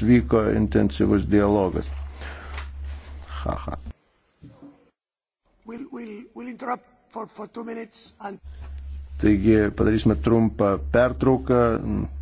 vyko intensyvus dialogas. Ha, ha. We'll, we'll, we'll for, for and... Taigi padarysime trumpą pertrauką.